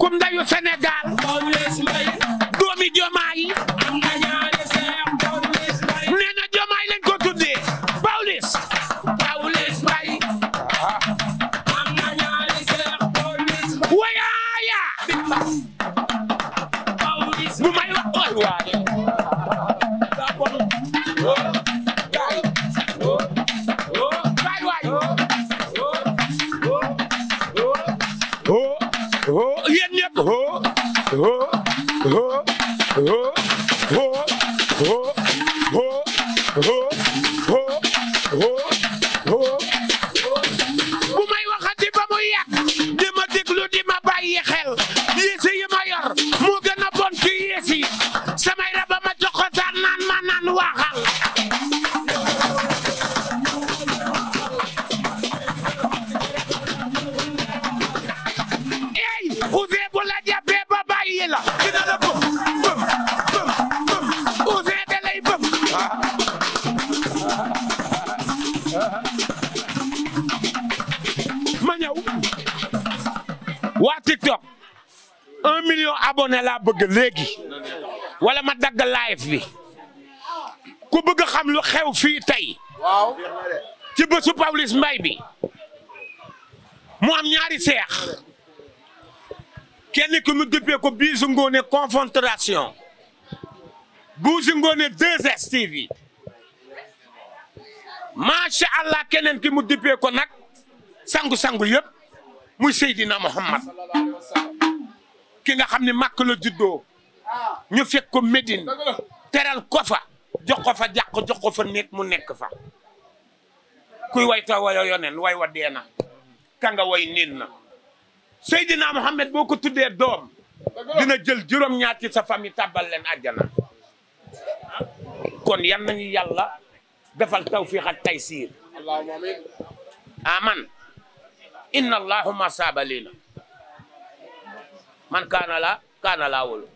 kum ndayu Sénégal doomi Jomaay nee na Jomaay lañ ko tuddee Pawlish Pawlish Mbaye wayaaya bu may wax waay yëpp ho ho ho ho ho ho ho ho ho ho ho bu may waxati ba muy yàq di ma déglu di ma bàyyi xel yéese yi ma yor moo gën a bon ci yéesi samay na la bëm bëm ma ñëw million abonné laa bëgg léegi wala ma dagg live bi ku bëgg xam lu xew fii tey waaw ci bésu Pawlish Mbaye bi mu am ñaari seex kenn ku mu duppee ko Bijou Ngoné confrontation Bijou Ngoné 2STV macha allah keneen ki mu duppee ko nag sangu-sangu yëpp muy Seydina Muhammad ki nga xam ne makk la juddoo ñu fekk ko Médine teral ko fa jox ko fa jàq jox ko fa nekk mu nekk fa kuy way ta wayo yonen way wa deena ka nga way nin na Seydina Mohamed boo ko tuddee doom dina jël juróom-ñaar ci sa famille tàbbal leen àjjana kon yan nañu yàlla defal tawfiq ak taysiir aman inna allahuma saaba lii na man kaana la kaana laa wolu